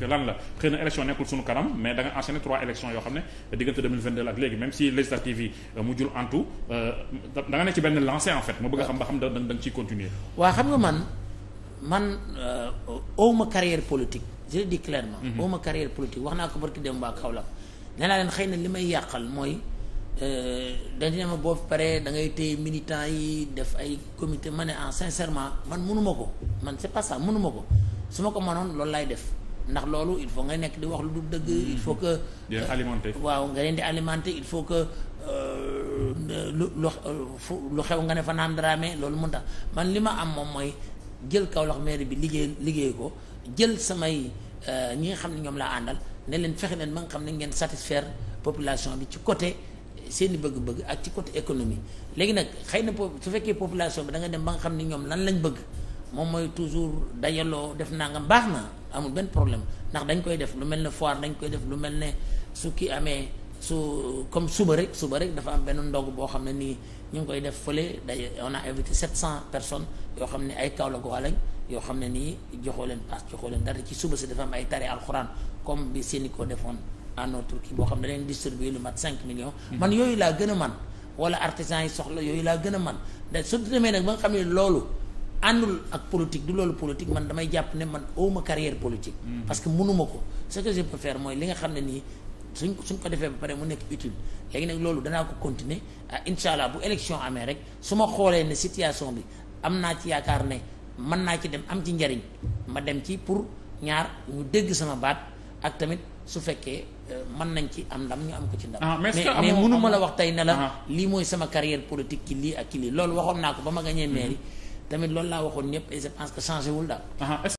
que lan la xëy na élection nekkul suñu kanam mais da nga enchaîné trois élections yoo xam ne diggante 2022 ak léegi même si législative yi euh, mujjul en euh, tout da ne ci benn lancé en fait ma bëgg a xam ba xam da da nga ciy continuer. waaw xam nga man man euh, awma carrière politique je le dis clairement. Mhm. awma carrière politique wax naa ko barki dem waa Kaolack nee naa leen xëy na li may yàqal mooy. dañ ne ma boo paree da ngay téye militants yi def ay comité ma ne en ah, sincèrement man mënuma ko man c'est pas ça mënuma ko su ma ko mënoon loolu laay def ndax loolu il faut nga nekk di wax lu du dëgg il faut que euh, waaw nga leen di alimenter il faut que euh, lu lu xew nga ne fa naan dramé loolu mun tax man li ma am moom mooy jël Kaolack maire bi liggéey liggéey ko jël samay euh, ñi nga xam ne ñoom laa àndal ne leen fexe leen ma nga xam ne ngeen satisfaire population bi ci côté seeni bëgg-bëgg ak ci côté économie léegi nag xëy na su fekkee population bi da nga dem ba nga xam ne ñoom lan lañ bëgg moom mooy toujours dajaloo def nangam baax na amul benn problème ndax dañ koy def lu mel ne foire dañ koy def lu mel ne su ki amee su comme suba rek suba rek dafa am benn ndog boo xam ne nii ñu ngi koy def fële day on a invité 700 personnes yoo xam ne ay Kaolack waa yoo xam ne nii joxoo leen paas joxoo leen dara ci suba si dafa am ay tare alxuraan comme bi seeni koo defoon à notre kii boo xam ne leen distribué lu mat cinq millions. Hmm. man yooyu laa gën a man wala artisans yi soxla yooyu laa gën a man da su demee nag ba nga xam ne loolu. àndul ak politique du loolu politique man damay jàpp ne man awma carrière politique mm-hmm. parce que mënuma ko ce que je peux mooy li nga xam ne nii suñ suñ ko defee ba pare mu nekk utile léegi nag loolu danaa ko continuer ah incha allah bu élection amee rek su ma xoolee ne situation bi am naa ci yaakaar ne man naa ci dem am ci njariñ ma dem ci pour ñaar ñu dégg sama baat ak tamit su fekkee euh, mën nañ ci am ndam ñu am ko ci ndam. Ah, mais mais mënuma la wax tey ne la. Ah. lii mooy sama carrière politique ki lii ak loolu waxoon naa ko ba ma gañee mairie mm-hmm. tamit loolu laa waxoon ñëpp et je pense changé wul daal.